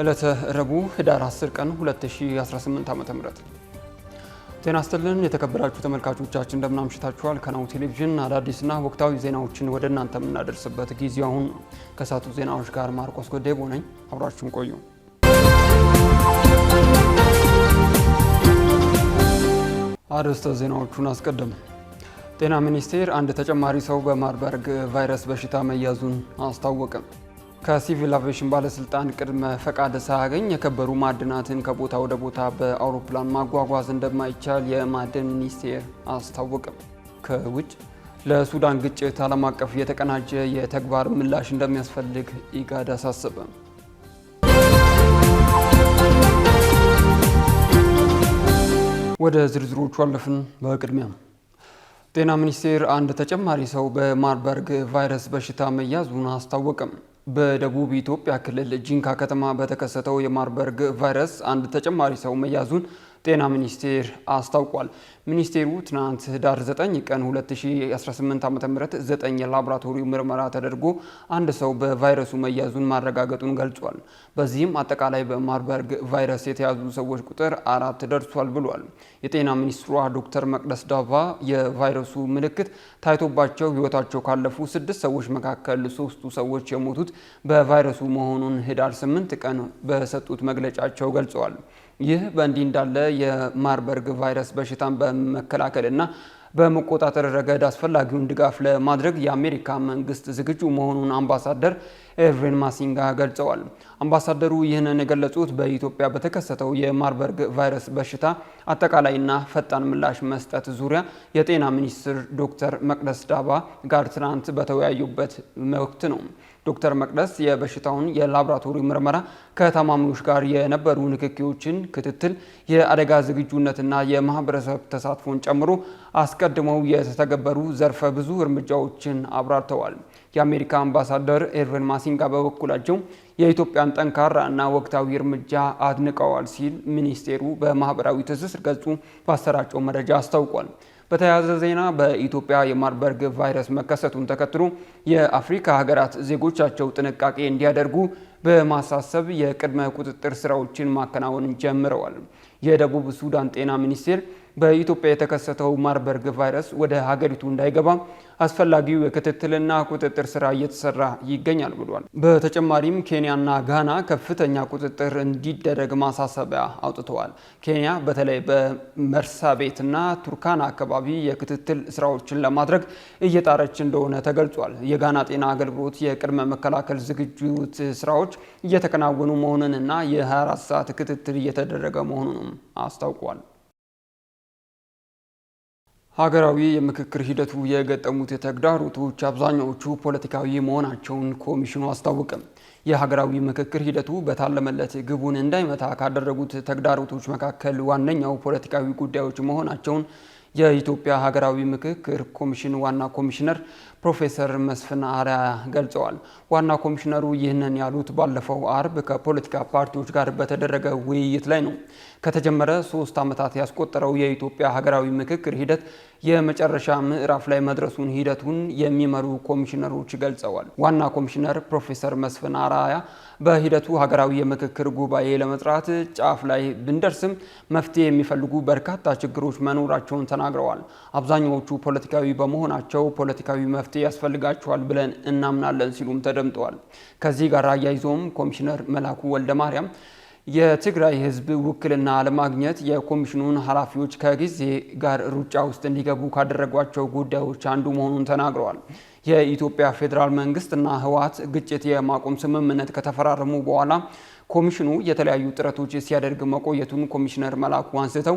ዕለተ ረቡዕ ህዳር 10 ቀን 2018 ዓ.ም። ጤና ይስጥልን የተከበራችሁ ተመልካቾቻችን እንደምናምሽታችኋል። አምሽታችኋል። ከናሁ ቴሌቪዥን አዳዲስና ወቅታዊ ዜናዎችን ወደ እናንተ የምናደርስበት ጊዜ አሁን። ከሳቱ ዜናዎች ጋር ማርቆስ ጎዴቦ ነኝ። አብራችሁን ቆዩ። አርዕስተ ዜናዎቹን አስቀድም። ጤና ሚኒስቴር አንድ ተጨማሪ ሰው በማርበርግ ቫይረስ በሽታ መያዙን አስታወቀ። ከሲቪል አቪዬሽን ባለስልጣን ቅድመ ፈቃድ ሳያገኝ የከበሩ ማዕድናትን ከቦታ ወደ ቦታ በአውሮፕላን ማጓጓዝ እንደማይቻል የማዕድን ሚኒስቴር አስታወቅም። ከውጭ ለሱዳን ግጭት ዓለም አቀፍ የተቀናጀ የተግባር ምላሽ እንደሚያስፈልግ ኢጋድ አሳሰበ። ወደ ዝርዝሮቹ አለፍን። በቅድሚያም ጤና ሚኒስቴር አንድ ተጨማሪ ሰው በማርበርግ ቫይረስ በሽታ መያዙን አስታወቀም። በደቡብ ኢትዮጵያ ክልል ጂንካ ከተማ በተከሰተው የማርበርግ ቫይረስ አንድ ተጨማሪ ሰው መያዙን ጤና ሚኒስቴር አስታውቋል። ሚኒስቴሩ ትናንት ህዳር 9 ቀን 2018 ዓ ም 9 የላቦራቶሪ ምርመራ ተደርጎ አንድ ሰው በቫይረሱ መያዙን ማረጋገጡን ገልጿል። በዚህም አጠቃላይ በማርበርግ ቫይረስ የተያዙ ሰዎች ቁጥር አራት ደርሷል ብሏል። የጤና ሚኒስትሯ ዶክተር መቅደስ ዳባ የቫይረሱ ምልክት ታይቶባቸው ህይወታቸው ካለፉ ስድስት ሰዎች መካከል ሶስቱ ሰዎች የሞቱት በቫይረሱ መሆኑን ህዳር 8 ቀን በሰጡት መግለጫቸው ገልጸዋል። ይህ በእንዲህ እንዳለ የማርበርግ ቫይረስ በሽታን በመከላከልና በመቆጣጠር ረገድ አስፈላጊውን ድጋፍ ለማድረግ የአሜሪካ መንግስት ዝግጁ መሆኑን አምባሳደር ኤርቬን ማሲንጋ ገልጸዋል። አምባሳደሩ ይህንን የገለጹት በኢትዮጵያ በተከሰተው የማርበርግ ቫይረስ በሽታ አጠቃላይና ፈጣን ምላሽ መስጠት ዙሪያ የጤና ሚኒስትር ዶክተር መቅደስ ዳባ ጋር ትናንት በተወያዩበት ወቅት ነው። ዶክተር መቅደስ የበሽታውን የላብራቶሪ ምርመራ፣ ከታማሚዎች ጋር የነበሩ ንክኪዎችን ክትትል፣ የአደጋ ዝግጁነትና የማህበረሰብ ተሳትፎን ጨምሮ አስቀድመው የተተገበሩ ዘርፈ ብዙ እርምጃዎችን አብራርተዋል። የአሜሪካ አምባሳደር ኤርቨን ማሲንጋ በበኩላቸው የኢትዮጵያን ጠንካራ እና ወቅታዊ እርምጃ አድንቀዋል ሲል ሚኒስቴሩ በማህበራዊ ትስስር ገጹ ባሰራጨው መረጃ አስታውቋል። በተያያዘ ዜና በኢትዮጵያ የማርበርግ ቫይረስ መከሰቱን ተከትሎ የአፍሪካ ሀገራት ዜጎቻቸው ጥንቃቄ እንዲያደርጉ በማሳሰብ የቅድመ ቁጥጥር ስራዎችን ማከናወን ጀምረዋል። የደቡብ ሱዳን ጤና ሚኒስቴር በኢትዮጵያ የተከሰተው ማርበርግ ቫይረስ ወደ ሀገሪቱ እንዳይገባ አስፈላጊው የክትትልና ቁጥጥር ስራ እየተሰራ ይገኛል ብሏል። በተጨማሪም ኬንያና ጋና ከፍተኛ ቁጥጥር እንዲደረግ ማሳሰቢያ አውጥተዋል። ኬንያ በተለይ በመርሳ በመርሳቤትና ቱርካና አካባቢ የክትትል ስራዎችን ለማድረግ እየጣረች እንደሆነ ተገልጿል። የጋና ጤና አገልግሎት የቅድመ መከላከል ዝግጅት ስራዎች እየተከናወኑ መሆኑንና የ24 ሰዓት ክትትል እየተደረገ መሆኑንም አስታውቋል። ሀገራዊ የምክክር ሂደቱ የገጠሙት ተግዳሮቶች አብዛኛዎቹ ፖለቲካዊ መሆናቸውን ኮሚሽኑ አስታወቀም። የሀገራዊ ምክክር ሂደቱ በታለመለት ግቡን እንዳይመታ ካደረጉት ተግዳሮቶች መካከል ዋነኛው ፖለቲካዊ ጉዳዮች መሆናቸውን የኢትዮጵያ ሀገራዊ ምክክር ኮሚሽን ዋና ኮሚሽነር ፕሮፌሰር መስፍን አርአያ ገልጸዋል። ዋና ኮሚሽነሩ ይህንን ያሉት ባለፈው አርብ ከፖለቲካ ፓርቲዎች ጋር በተደረገ ውይይት ላይ ነው። ከተጀመረ ሶስት ዓመታት ያስቆጠረው የኢትዮጵያ ሀገራዊ ምክክር ሂደት የመጨረሻ ምዕራፍ ላይ መድረሱን ሂደቱን የሚመሩ ኮሚሽነሮች ገልጸዋል። ዋና ኮሚሽነር ፕሮፌሰር መስፍን አርአያ በሂደቱ ሀገራዊ የምክክር ጉባኤ ለመጥራት ጫፍ ላይ ብንደርስም መፍትሄ የሚፈልጉ በርካታ ችግሮች መኖራቸውን ተናግረዋል። አብዛኛዎቹ ፖለቲካዊ በመሆናቸው ፖለቲካዊ መፍትሄ መፍትሄ ያስፈልጋቸዋል ብለን እናምናለን ሲሉም ተደምጠዋል። ከዚህ ጋር አያይዞም ኮሚሽነር መላኩ ወልደ ማርያም የትግራይ ሕዝብ ውክልና ለማግኘት የኮሚሽኑን ኃላፊዎች ከጊዜ ጋር ሩጫ ውስጥ እንዲገቡ ካደረጓቸው ጉዳዮች አንዱ መሆኑን ተናግረዋል። የኢትዮጵያ ፌዴራል መንግስትና ህወሓት ግጭት የማቆም ስምምነት ከተፈራረሙ በኋላ ኮሚሽኑ የተለያዩ ጥረቶች ሲያደርግ መቆየቱን ኮሚሽነር መላኩ አንስተው፣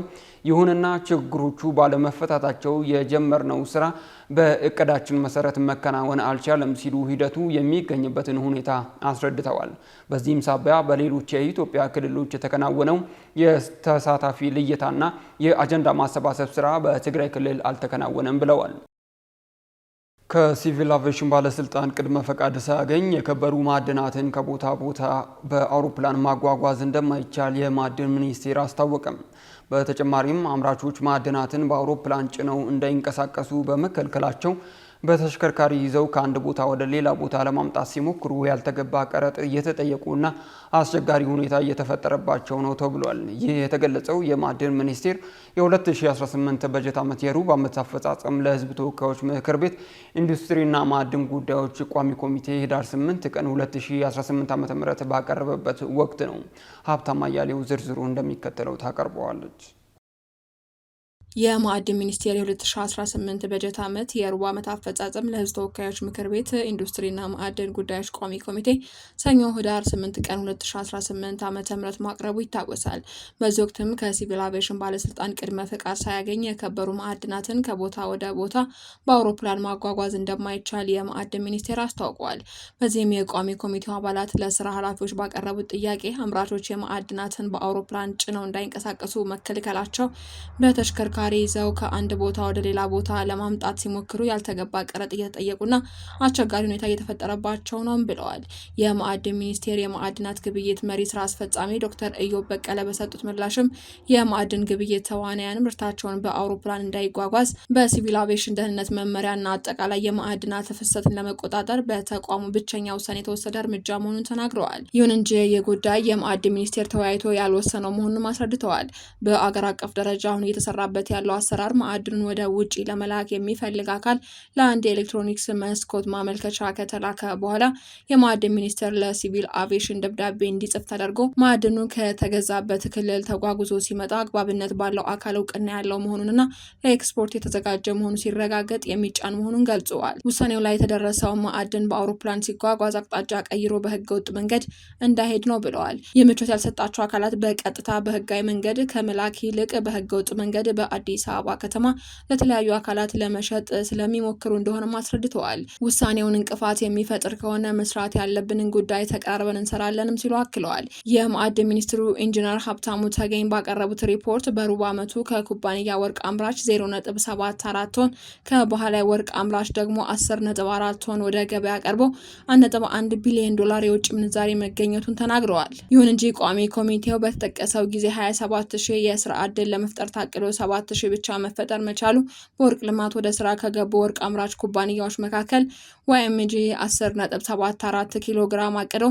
ይሁንና ችግሮቹ ባለመፈታታቸው የጀመርነው ስራ በእቅዳችን መሰረት መከናወን አልቻለም ሲሉ ሂደቱ የሚገኝበትን ሁኔታ አስረድተዋል። በዚህም ሳቢያ በሌሎች የኢትዮጵያ ክልሎች የተከናወነው የተሳታፊ ልየታና የአጀንዳ ማሰባሰብ ስራ በትግራይ ክልል አልተከናወነም ብለዋል። ከሲቪል አቪዬሽን ባለስልጣን ቅድመ ፈቃድ ሳያገኝ የከበሩ ማዕድናትን ከቦታ ቦታ በአውሮፕላን ማጓጓዝ እንደማይቻል የማዕድን ሚኒስቴር አስታወቀም። በተጨማሪም አምራቾች ማዕድናትን በአውሮፕላን ጭነው እንዳይንቀሳቀሱ በመከልከላቸው በተሽከርካሪ ይዘው ከአንድ ቦታ ወደ ሌላ ቦታ ለማምጣት ሲሞክሩ ያልተገባ ቀረጥ እየተጠየቁና አስቸጋሪ ሁኔታ እየተፈጠረባቸው ነው ተብሏል። ይህ የተገለጸው የማዕድን ሚኒስቴር የ2018 በጀት ዓመት የሩብ ዓመት አፈጻጸም ለሕዝብ ተወካዮች ምክር ቤት ኢንዱስትሪና ማዕድን ጉዳዮች ቋሚ ኮሚቴ ህዳር 8 ቀን 2018 ዓ.ም ባቀረበበት ወቅት ነው። ሀብታም አያሌው ዝርዝሩ እንደሚከተለው ታቀርበዋለች። የማዕድን ሚኒስቴር የ2018 በጀት ዓመት የሩብ ዓመት አፈጻጸም ለሕዝብ ተወካዮች ምክር ቤት ኢንዱስትሪና ማዕድን ጉዳዮች ቋሚ ኮሚቴ ሰኞ ህዳር 8 ቀን 2018 ዓ ም ማቅረቡ ይታወሳል። በዚህ ወቅትም ከሲቪል አቬሽን ባለስልጣን ቅድመ ፈቃድ ሳያገኝ የከበሩ ማዕድናትን ከቦታ ወደ ቦታ በአውሮፕላን ማጓጓዝ እንደማይቻል የማዕድን ሚኒስቴር አስታውቋል። በዚህም የቋሚ ኮሚቴው አባላት ለስራ ኃላፊዎች ባቀረቡት ጥያቄ አምራቾች የማዕድናትን በአውሮፕላን ጭነው እንዳይንቀሳቀሱ መከልከላቸው በተሽከርካ ተሽከርካሪ ይዘው ከአንድ ቦታ ወደ ሌላ ቦታ ለማምጣት ሲሞክሩ ያልተገባ ቀረጥ እየተጠየቁና አስቸጋሪ ሁኔታ እየተፈጠረባቸው ነው ብለዋል። የማዕድን ሚኒስቴር የማዕድናት ግብይት መሪ ስራ አስፈጻሚ ዶክተር እዮብ በቀለ በሰጡት ምላሽም የማዕድን ግብይት ተዋናያን ምርታቸውን በአውሮፕላን እንዳይጓጓዝ በሲቪል አቬሽን ደህንነት መመሪያና አጠቃላይ የማዕድናት ፍሰትን ለመቆጣጠር በተቋሙ ብቸኛ ውሳኔ የተወሰደ እርምጃ መሆኑን ተናግረዋል። ይሁን እንጂ የጉዳይ የማዕድን ሚኒስቴር ተወያይቶ ያልወሰነው መሆኑንም አስረድተዋል። በአገር አቀፍ ደረጃ አሁን እየተሰራበት ያለው አሰራር ማዕድኑን ወደ ውጪ ለመላክ የሚፈልግ አካል ለአንድ የኤሌክትሮኒክስ መስኮት ማመልከቻ ከተላከ በኋላ የማዕድን ሚኒስቴር ለሲቪል አቪዬሽን ደብዳቤ እንዲጽፍ ተደርጎ ማዕድኑ ከተገዛበት ክልል ተጓጉዞ ሲመጣ አግባብነት ባለው አካል እውቅና ያለው መሆኑንና ለኤክስፖርት የተዘጋጀ መሆኑ ሲረጋገጥ የሚጫን መሆኑን ገልጸዋል። ውሳኔው ላይ የተደረሰው ማዕድን በአውሮፕላን ሲጓጓዝ አቅጣጫ ቀይሮ በህገ ወጥ መንገድ እንዳይሄድ ነው ብለዋል። ይህ ምቾት ያልሰጣቸው አካላት በቀጥታ በህጋዊ መንገድ ከመላክ ይልቅ በህገ ወጥ መንገድ በአ በአዲስ አበባ ከተማ ለተለያዩ አካላት ለመሸጥ ስለሚሞክሩ እንደሆነም አስረድተዋል። ውሳኔውን እንቅፋት የሚፈጥር ከሆነ መስራት ያለብንን ጉዳይ ተቀራርበን እንሰራለንም ሲሉ አክለዋል። የማዕድ ሚኒስትሩ ኢንጂነር ሀብታሙ ተገኝ ባቀረቡት ሪፖርት በሩብ ዓመቱ ከኩባንያ ወርቅ አምራች 0.74 ቶን ከባህላዊ ወርቅ አምራች ደግሞ 10.4 ቶን ወደ ገበያ ቀርቦ 1.1 ቢሊዮን ዶላር የውጭ ምንዛሬ መገኘቱን ተናግረዋል። ይሁን እንጂ ቋሚ ኮሚቴው በተጠቀሰው ጊዜ 27 ሺህ የስራ ዕድል ለመፍጠር ታቅዶ 7 አራት ሺህ ብቻ መፈጠር መቻሉ በወርቅ ልማት ወደ ስራ ከገቡ ወርቅ አምራች ኩባንያዎች መካከል ዋይኤምጂ 10.74 ኪሎ ግራም አቅዶ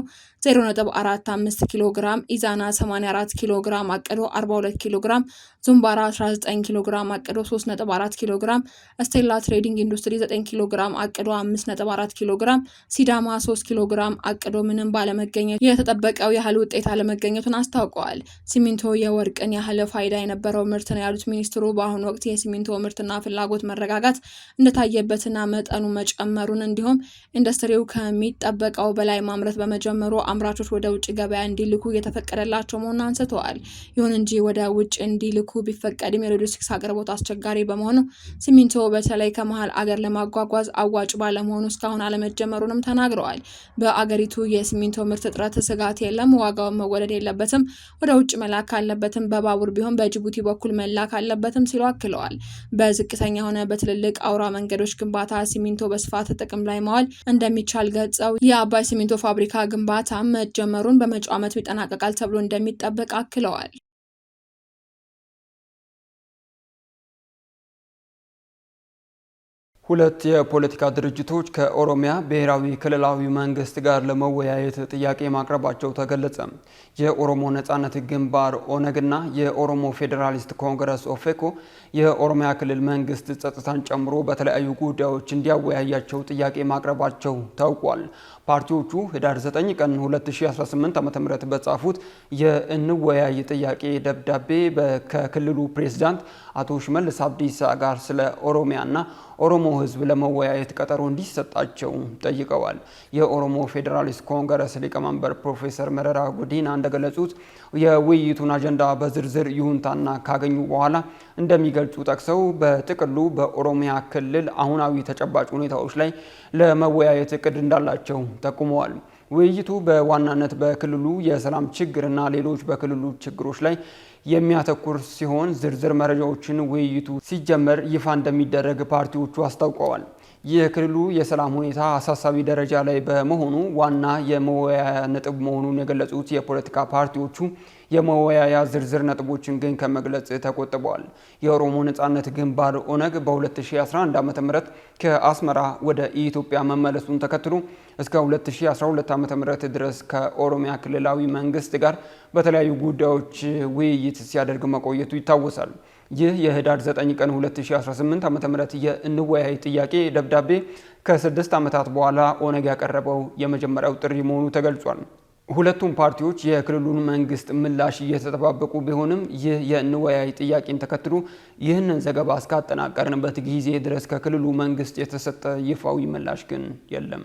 0.45 ኪሎ ግራም፣ ኢዛና 84 ኪሎ ግራም አቅዶ 42 ኪሎ ግራም፣ ዙምባራ 19 ኪሎ ግራም አቅዶ 3.4 ኪሎ ግራም፣ ስቴላ ትሬዲንግ ኢንዱስትሪ 9 ኪሎ ግራም አቅዶ 5.4 ኪሎ ግራም፣ ሲዳማ 3 ኪሎ ግራም አቅዶ ምንም ባለመገኘት የተጠበቀው ያህል ውጤት አለመገኘቱን አስታውቀዋል። ሲሚንቶ የወርቅን ያህል ፋይዳ የነበረው ምርት ነው ያሉት ሚኒስትሩ በአሁኑ ወቅት የሲሚንቶ ምርትና ፍላጎት መረጋጋት እንደታየበትና መጠኑ መጨመሩን እንዲሁም ኢንዱስትሪው ከሚጠበቀው በላይ ማምረት በመጀመሩ አምራቾች ወደ ውጭ ገበያ እንዲልኩ እየተፈቀደላቸው መሆኑን አንስተዋል። ይሁን እንጂ ወደ ውጭ እንዲልኩ መልኩ ቢፈቀድም የሎጂስቲክስ አቅርቦት አስቸጋሪ በመሆኑ ሲሚንቶ በተለይ ከመሀል አገር ለማጓጓዝ አዋጭ ባለመሆኑ እስካሁን አለመጀመሩንም ተናግረዋል። በአገሪቱ የሲሚንቶ ምርት እጥረት ስጋት የለም፣ ዋጋው መወደድ የለበትም፣ ወደ ውጭ መላክ አለበትም፣ በባቡር ቢሆን በጅቡቲ በኩል መላክ አለበትም ሲሉ አክለዋል። በዝቅተኛ ሆነ በትልልቅ አውራ መንገዶች ግንባታ ሲሚንቶ በስፋት ጥቅም ላይ መዋል እንደሚቻል ገልጸው የአባይ ሲሚንቶ ፋብሪካ ግንባታ መጀመሩን በመጪው ዓመት ይጠናቀቃል ተብሎ እንደሚጠበቅ አክለዋል። ሁለት የፖለቲካ ድርጅቶች ከኦሮሚያ ብሔራዊ ክልላዊ መንግስት ጋር ለመወያየት ጥያቄ ማቅረባቸው ተገለጸ። የኦሮሞ ነጻነት ግንባር ኦነግና የኦሮሞ ፌዴራሊስት ኮንግረስ ኦፌኮ የኦሮሚያ ክልል መንግስት ጸጥታን ጨምሮ በተለያዩ ጉዳዮች እንዲያወያያቸው ጥያቄ ማቅረባቸው ታውቋል። ፓርቲዎቹ ህዳር 9 ቀን 2018 ዓ ም በጻፉት የእንወያይ ጥያቄ ደብዳቤ ከክልሉ ፕሬዝዳንት አቶ ሽመልስ አብዲሳ ጋር ስለ ኦሮሚያና ኦሮሞ ህዝብ ለመወያየት ቀጠሮ እንዲሰጣቸው ጠይቀዋል። የኦሮሞ ፌዴራሊስት ኮንግረስ ሊቀመንበር ፕሮፌሰር መረራ ጉዲና እንደገለጹት የውይይቱን አጀንዳ በዝርዝር ይሁንታና ካገኙ በኋላ እንደሚገ እንደሚገልጹ ጠቅሰው በጥቅሉ በኦሮሚያ ክልል አሁናዊ ተጨባጭ ሁኔታዎች ላይ ለመወያየት እቅድ እንዳላቸው ጠቁመዋል። ውይይቱ በዋናነት በክልሉ የሰላም ችግር እና ሌሎች በክልሉ ችግሮች ላይ የሚያተኩር ሲሆን ዝርዝር መረጃዎችን ውይይቱ ሲጀመር ይፋ እንደሚደረግ ፓርቲዎቹ አስታውቀዋል። የክልሉ የሰላም ሁኔታ አሳሳቢ ደረጃ ላይ በመሆኑ ዋና የመወያያ ነጥብ መሆኑን የገለጹት የፖለቲካ ፓርቲዎቹ የመወያያ ዝርዝር ነጥቦችን ግን ከመግለጽ ተቆጥበዋል። የኦሮሞ ነጻነት ግንባር ኦነግ በ2011 ዓ ም ከአስመራ ወደ ኢትዮጵያ መመለሱን ተከትሎ እስከ 2012 ዓ ም ድረስ ከኦሮሚያ ክልላዊ መንግስት ጋር በተለያዩ ጉዳዮች ውይይት ሲያደርግ መቆየቱ ይታወሳል። ይህ የህዳር 9 ቀን 2018 ዓ ም የእንወያይ ጥያቄ ደብዳቤ ከስድስት ዓመታት በኋላ ኦነግ ያቀረበው የመጀመሪያው ጥሪ መሆኑ ተገልጿል። ሁለቱም ፓርቲዎች የክልሉን መንግስት ምላሽ እየተጠባበቁ ቢሆንም ይህ የእንወያይ ጥያቄን ተከትሎ ይህንን ዘገባ እስካጠናቀርንበት ጊዜ ድረስ ከክልሉ መንግስት የተሰጠ ይፋዊ ምላሽ ግን የለም።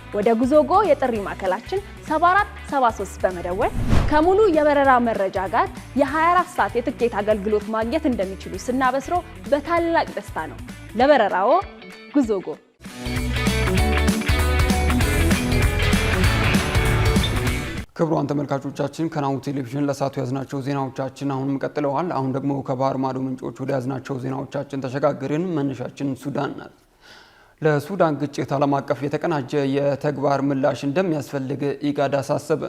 ወደ ጉዞጎ የጥሪ ማዕከላችን 7473 በመደወል ከሙሉ የበረራ መረጃ ጋር የ24 ሰዓት የትኬት አገልግሎት ማግኘት እንደሚችሉ ስናበስሮ በታላቅ ደስታ ነው። ለበረራዎ ጉዞጎ። ክቡራን ተመልካቾቻችን ከናሁ ቴሌቪዥን ለሳቱ ያዝናቸው ዜናዎቻችን አሁንም ቀጥለዋል። አሁን ደግሞ ከባህር ማዶ ምንጮች ወደ ያዝናቸው ዜናዎቻችን ተሸጋገርን። መነሻችን ሱዳን ናት። ለሱዳን ግጭት ዓለም አቀፍ የተቀናጀ የተግባር ምላሽ እንደሚያስፈልግ ኢጋድ አሳሰበ።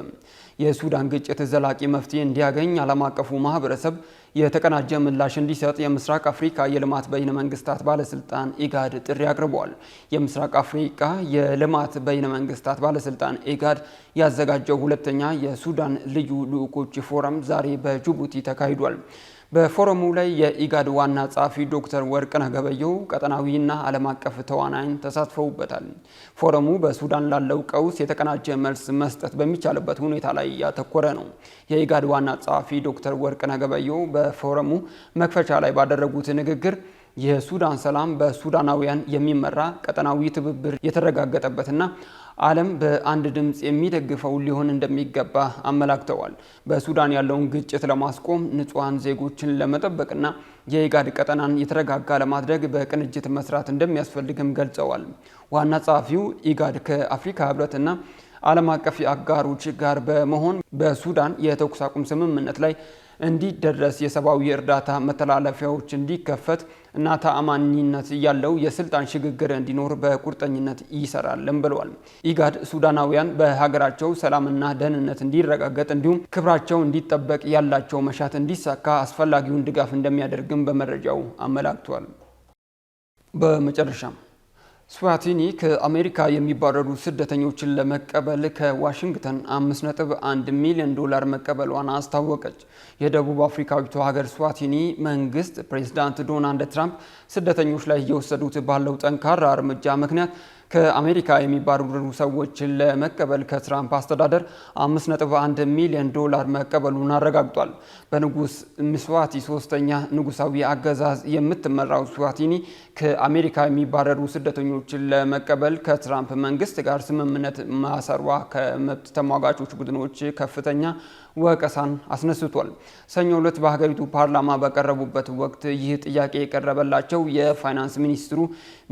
የሱዳን ግጭት ዘላቂ መፍትሄ እንዲያገኝ ዓለም አቀፉ ማህበረሰብ የተቀናጀ ምላሽ እንዲሰጥ የምስራቅ አፍሪካ የልማት በይነ መንግስታት ባለስልጣን ኢጋድ ጥሪ አቅርቧል። የምስራቅ አፍሪካ የልማት በይነ መንግስታት ባለስልጣን ኢጋድ ያዘጋጀው ሁለተኛ የሱዳን ልዩ ልዑኮች ፎረም ዛሬ በጅቡቲ ተካሂዷል። በፎረሙ ላይ የኢጋድ ዋና ጸሐፊ ዶክተር ወርቅነህ ገበየሁ ቀጠናዊና ዓለም አቀፍ ተዋናይን ተሳትፈውበታል። ፎረሙ በሱዳን ላለው ቀውስ የተቀናጀ መልስ መስጠት በሚቻልበት ሁኔታ ላይ ያተኮረ ነው። የኢጋድ ዋና ጸሐፊ ዶክተር ወርቅነህ ገበየሁ በፎረሙ መክፈቻ ላይ ባደረጉት ንግግር የሱዳን ሰላም በሱዳናውያን የሚመራ ቀጠናዊ ትብብር የተረጋገጠበትና ዓለም በአንድ ድምፅ የሚደግፈውን ሊሆን እንደሚገባ አመላክተዋል። በሱዳን ያለውን ግጭት ለማስቆም ንጹሐን ዜጎችን ለመጠበቅና የኢጋድ ቀጠናን የተረጋጋ ለማድረግ በቅንጅት መስራት እንደሚያስፈልግም ገልጸዋል። ዋና ጸሐፊው ኢጋድ ከአፍሪካ ህብረትና ዓለም አቀፍ አጋሮች ጋር በመሆን በሱዳን የተኩስ አቁም ስምምነት ላይ እንዲደረስ የሰብአዊ እርዳታ መተላለፊያዎች እንዲከፈት እና ተአማኒነት ያለው የስልጣን ሽግግር እንዲኖር በቁርጠኝነት ይሰራልን ብለዋል። ኢጋድ ሱዳናውያን በሀገራቸው ሰላምና ደህንነት እንዲረጋገጥ እንዲሁም ክብራቸው እንዲጠበቅ ያላቸው መሻት እንዲሳካ አስፈላጊውን ድጋፍ እንደሚያደርግም በመረጃው አመላክቷል። በመጨረሻም ስዋቲኒ ከአሜሪካ የሚባረሩ ስደተኞችን ለመቀበል ከዋሽንግተን 5.1 ሚሊዮን ዶላር መቀበሏን አስታወቀች። የደቡብ አፍሪካዊቱ ሀገር ስዋቲኒ መንግስት ፕሬዚዳንት ዶናልድ ትራምፕ ስደተኞች ላይ እየወሰዱት ባለው ጠንካራ እርምጃ ምክንያት ከአሜሪካ የሚባረሩ ሰዎችን ለመቀበል ከትራምፕ አስተዳደር 5.1 ሚሊዮን ዶላር መቀበሉን አረጋግጧል። በንጉስ ምስዋቲ ሶስተኛ ንጉሳዊ አገዛዝ የምትመራው ስዋቲኒ ከአሜሪካ የሚባረሩ ስደተኞችን ለመቀበል ከትራምፕ መንግስት ጋር ስምምነት ማሰሯ ከመብት ተሟጋቾች ቡድኖች ከፍተኛ ወቀሳን አስነስቷል። ሰኞ ዕለት በሀገሪቱ ፓርላማ በቀረቡበት ወቅት ይህ ጥያቄ የቀረበላቸው የፋይናንስ ሚኒስትሩ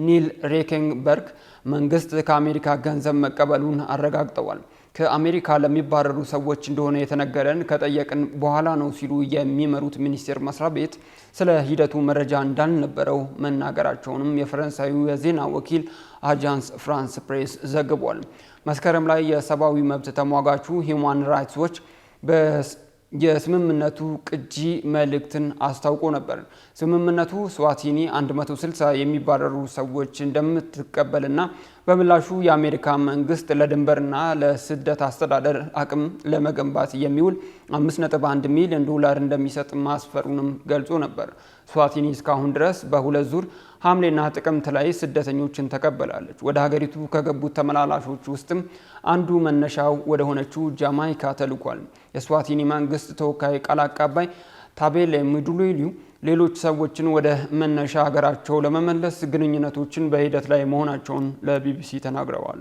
ኒል ሬኬንበርግ መንግስት ከአሜሪካ ገንዘብ መቀበሉን አረጋግጠዋል። ከአሜሪካ ለሚባረሩ ሰዎች እንደሆነ የተነገረን ከጠየቅን በኋላ ነው ሲሉ የሚመሩት ሚኒስቴር መስሪያ ቤት ስለ ሂደቱ መረጃ እንዳልነበረው መናገራቸውንም የፈረንሳዩ የዜና ወኪል አጃንስ ፍራንስ ፕሬስ ዘግቧል። መስከረም ላይ የሰብአዊ መብት ተሟጋቹ ሂውማን ራይትስ ዎች የስምምነቱ ቅጂ መልእክትን አስታውቆ ነበር። ስምምነቱ ስዋቲኒ 160 የሚባረሩ ሰዎች እንደምትቀበልና በምላሹ የአሜሪካ መንግስት ለድንበርና ለስደት አስተዳደር አቅም ለመገንባት የሚውል 5.1 ሚሊዮን ዶላር እንደሚሰጥ ማስፈሩንም ገልጾ ነበር። ስዋቲኒ እስካሁን ድረስ በሁለት ዙር ሐምሌና ጥቅምት ላይ ስደተኞችን ተቀበላለች። ወደ ሀገሪቱ ከገቡት ተመላላሾች ውስጥም አንዱ መነሻው ወደ ሆነችው ጃማይካ ተልኳል። የስዋቲኒ መንግስት ተወካይ ቃል አቀባይ ታቤሌ ሚዱሌሉ ሌሎች ሰዎችን ወደ መነሻ ሀገራቸው ለመመለስ ግንኙነቶችን በሂደት ላይ መሆናቸውን ለቢቢሲ ተናግረዋል።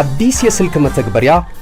አዲስ የስልክ መተግበሪያ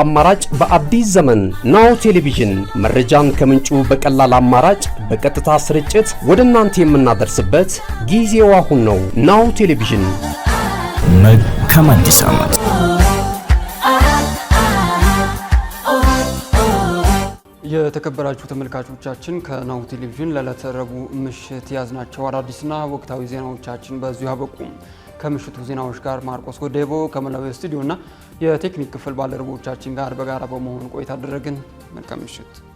አማራጭ በአዲስ ዘመን ናው ቴሌቪዥን መረጃን ከምንጩ በቀላል አማራጭ በቀጥታ ስርጭት ወደ እናንተ የምናደርስበት ጊዜው አሁን ነው። ናው ቴሌቪዥን መልካም አዲስ ዓመት። የተከበራችሁ ተመልካቾቻችን ከናሁ ቴሌቪዥን ለለተረቡ ምሽት ያዝናቸው አዳዲስና ወቅታዊ ዜናዎቻችን በዚሁ አበቁም። ከምሽቱ ዜናዎች ጋር ማርቆስ ጎዴቦ ከመላው ስቱዲዮና የቴክኒክ ክፍል ባልደረቦቻችን ጋር በጋራ በመሆን ቆይታ አደረግን። መልካም ምሽት።